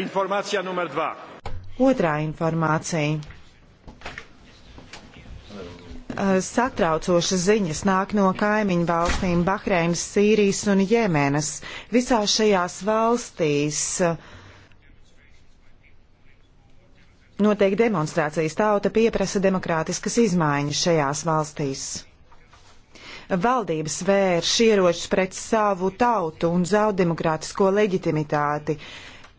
Informācija numur 2. Otrā informācija. Satraucošas ziņas nāk no kaimiņu valstīm Bahreinas, Sīrijas un Jemenas. Visās šajās valstīs notiek demonstrācijas. Tauta pieprasa demokrātiskas izmaiņas šajās valstīs valdības vērš ieročus pret savu tautu un zaud demokrātisko leģitimitāti.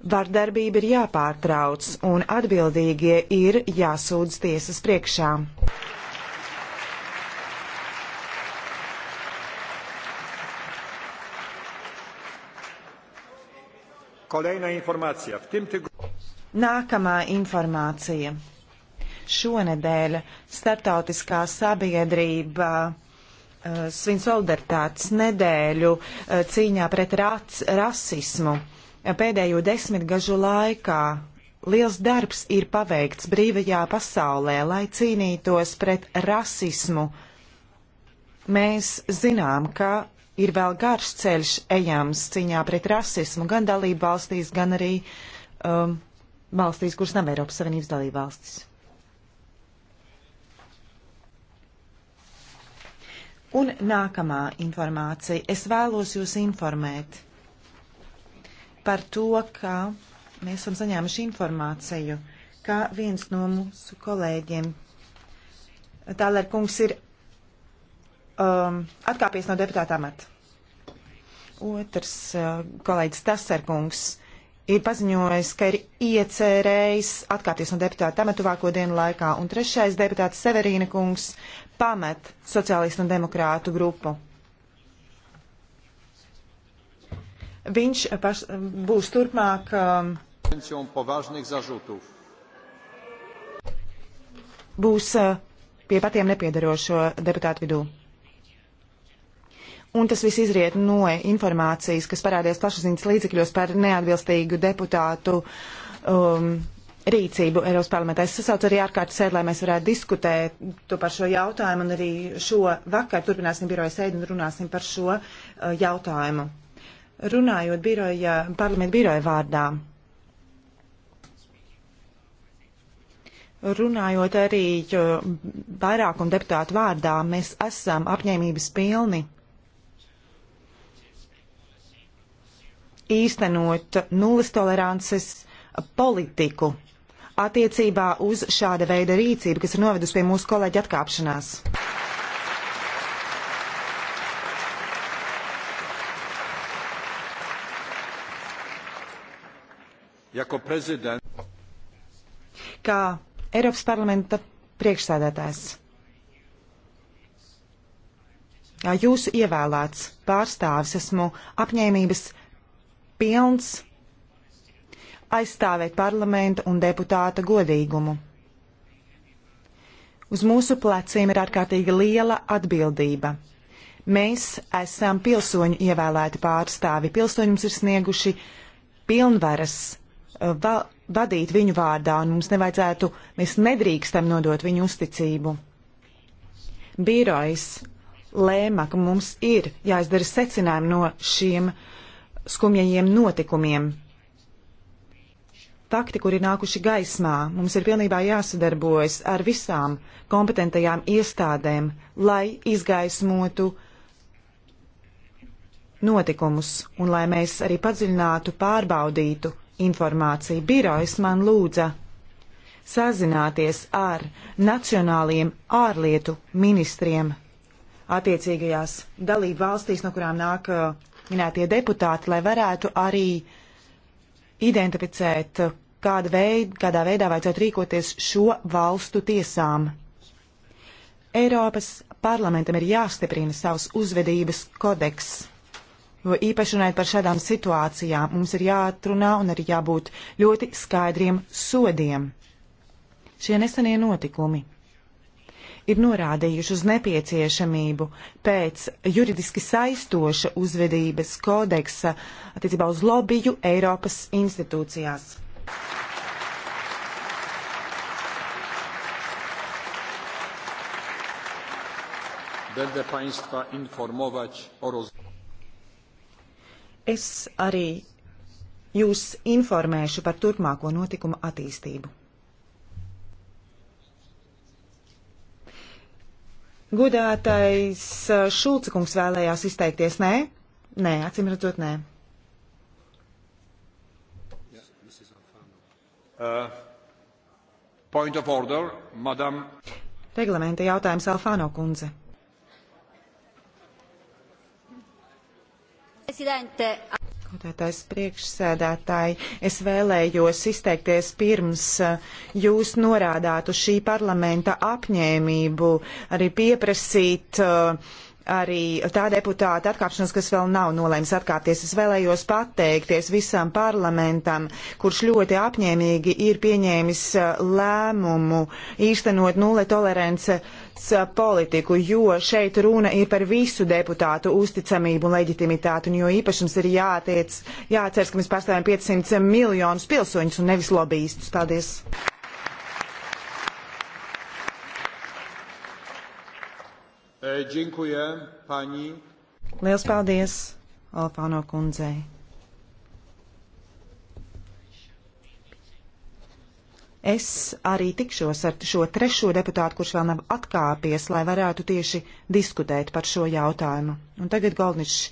Vardarbība ir jāpārtrauc un atbildīgie ir jāsūdz tiesas priekšā. Kolejna informācija. Nākamā informācija. Šonedēļ starptautiskā sabiedrība uh, eh, svin solidaritātes nedēļu uh, cīņā pret rats, rasismu pēdējo desmitgažu laikā. Liels darbs ir paveikts brīvajā pasaulē, lai cīnītos pret rasismu. Mēs zinām, ka ir vēl garš ceļš ejams cīņā pret rasismu gan dalību valstīs, gan arī um, valstīs, kuras nav Eiropas Savienības dalību valstis. Un nākamā informācija. Es vēlos jūs informēt par to, ka mēs esam saņēmuši informāciju, ka viens no mūsu kolēģiem, Tālēr kungs, ir um, atkāpies no deputāta amata. Otrs uh, kolēģis Taserkungs ir paziņojis, ka ir iecerējis atkāpties no deputāta amata tuvāko dienu laikā, un trešais deputāts Severīna kungs pamet sociālistu un demokrātu grupu. viņš paš, būs turpmāk. Um, būs uh, pie patiem nepiedarošo deputātu vidū. Un tas viss izriet no informācijas, kas parādījās plašsaziņas līdzekļos par neatbilstīgu deputātu um, rīcību Eiropas parlamentā. Es sasaucu arī ārkārtas sēdi, lai mēs varētu diskutēt par šo jautājumu, un arī šo vakar turpināsim biroja sēdi un runāsim par šo uh, jautājumu. Runājot biroja, parlamentu biroja vārdā, runājot arī vairākumu deputātu vārdā, mēs esam apņēmības pilni īstenot nulles tolerances politiku attiecībā uz šāda veida rīcību, kas ir novedusi pie mūsu kolēģa atkāpšanās. jako prezident. Kā Eiropas parlamenta priekšsēdētājs. Kā jūsu ievēlēts pārstāvis esmu apņēmības pilns aizstāvēt parlamenta un deputāta godīgumu. Uz mūsu pleciem ir ārkārtīgi liela atbildība. Mēs esam pilsoņu ievēlēti pārstāvi. Pilsoņi mums ir snieguši pilnvaras Eh, va vadīt viņu vārdā, un mums nevajadzētu, mēs nedrīkstam nodot viņu uzticību. Birojs lēma, ka mums ir jāizdara secinājumi no šiem skumjajiem notikumiem. Fakti, kuri nākuši gaismā, mums ir pilnībā jāsadarbojas ar visām kompetentajām iestādēm, lai izgaismotu notikumus un lai mēs arī padziļinātu, pārbaudītu informāciju. Birojas man lūdza sazināties ar nacionāliem ārlietu ministriem attiecīgajās dalību valstīs, no kurām nāk uh, minētie deputāti, lai varētu arī identificēt, uh, kāda veid, kādā veidā vajadzētu rīkoties šo valstu tiesām. Eiropas parlamentam ir jāstiprina savs uzvedības kodeks īpaši runājot par šādām situācijām. Mums ir jāatrunā un arī jābūt ļoti skaidriem sodiem. Šie nesenie notikumi ir norādījuši uz nepieciešamību pēc juridiski saistoša uzvedības kodeksa attiecībā uz lobiju Eiropas institūcijās. Będę Państwa informować o rozwoju. Es arī jūs informēšu par turpmāko notikumu attīstību. Gudētais uh, Šulca kungs vēlējās izteikties, nē? Nē, acīm redzot, nē. Uh, point of order, madam. Reglamenta jautājums Alfāno kundze. Presidente. Godātais priekšsēdētāji, es vēlējos izteikties pirms eh, jūs norādātu šī parlamenta apņēmību arī pieprasīt uh, arī tā deputāta atkāpšanos, kas vēl nav nolēmis atkāpties. Es vēlējos pateikties visam parlamentam, kurš ļoti apņēmīgi ir pieņēmis uh, lēmumu īstenot nulle tolerances uh, politiku, jo šeit runa ir par visu deputātu uzticamību un leģitimitātu, un jo īpašums ir jātiec, jāatceras, ka mēs pārstāvjam 500 miljonus pilsoņus un nevis lobbyistus. Paldies! E, dziękuję, pani. Liels paldies Alfāno kundzei. Es arī tikšos ar šo trešo deputātu, kurš vēl nav atkāpies, lai varētu tieši diskutēt par šo jautājumu. Un tagad Galnišs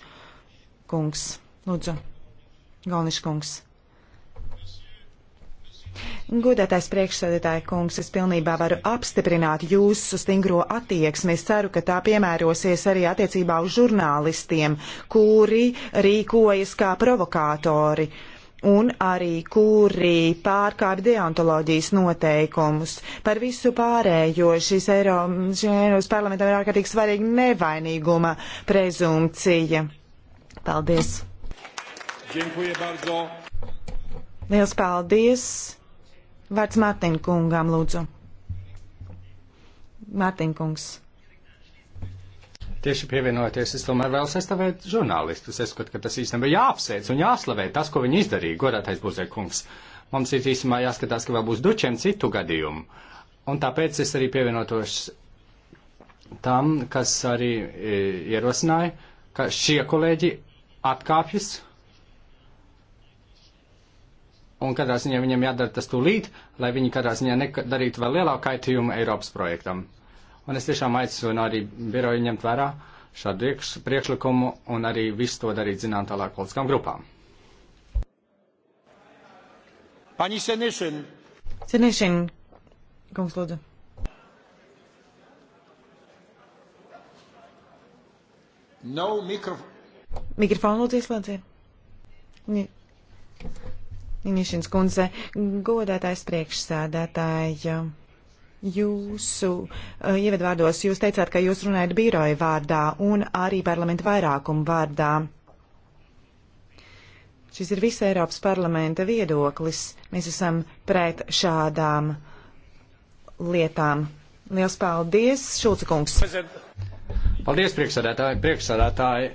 kungs. Lūdzu, Galnišs kungs. Godētais priekšsēdētāja kungs, es pilnībā varu apstiprināt jūsu stingro attieksmi. Es ceru, ka tā piemērosies arī attiecībā uz žurnālistiem, kuri rīkojas kā provokātori un arī kuri pārkāpj deontoloģijas noteikumus. Par visu pārējo šis Eiro, Eiropas parlamentam ir ārkārtīgi svarīga nevainīguma prezumcija. Paldies! Liels paldies! Vārds Mārtiņa kungām lūdzu. Mārtiņa kungs. Tieši pievienoties, es tomēr vēlos aizstāvēt žurnālistus. Es skatu, ka tas īstenībā jāapsveic un jāslavē tas, ko viņi izdarīja, godātais būzē kungs. Mums ir īstenībā jāskatās, ka vēl būs dučiem citu gadījumu. Un tāpēc es arī pievienotos tam, kas arī e, ierosināja, ka šie kolēģi atkāpjas un katrā ziņā viņiem jādara tas tūlīt, lai viņi katrā ziņā nedarītu vēl lielāku kaitījumu Eiropas projektam. Un es tiešām aicinu arī biroju ņemt vērā šādu priekšlikumu un arī visu to darīt zinām tālāk politiskām grupām. Pani Senišin. Senišin, kungs lūdzu. No mikrof Mikrofonu lūdzu ieslēdziet. Inišins kundze, godētājs priekšsēdētāji. Jūsu uh, ievadvārdos jūs teicāt, ka jūs runājat biroja vārdā un arī parlamenta vairākumu vārdā. Šis ir visa Eiropas parlamenta viedoklis. Mēs esam pret šādām lietām. Liels paldies, Šulca kungs! Paldies, priekšsādātāji! priekšsādātāji.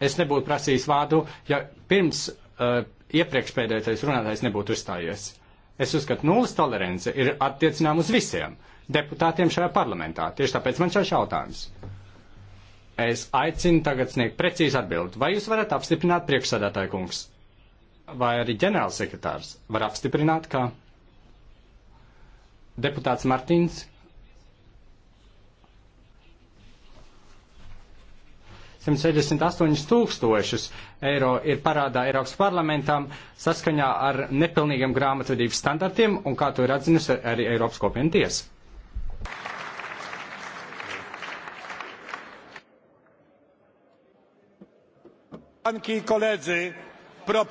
Es nebūtu prasījis vārdu, ja pirms uh, eh, iepriekšpēdējais runātājs nebūtu uzstājies. Es uzskatu, nulles tolerance ir attiecinām uz visiem deputātiem šajā parlamentā. Tieši tāpēc man šāds jautājums. Es aicinu tagad sniegt precīzi atbildi. Vai jūs varat apstiprināt priekšsādātāju kungs? Vai arī ģenerālsekretārs var apstiprināt, ka deputāts Martins 168 tūkstošus eiro ir parādā Eiropas parlamentam saskaņā ar nepilnīgiem grāmatvedības standartiem un kā to ir atzinusi arī Eiropas kopiena tiesa. Koledzy, propos...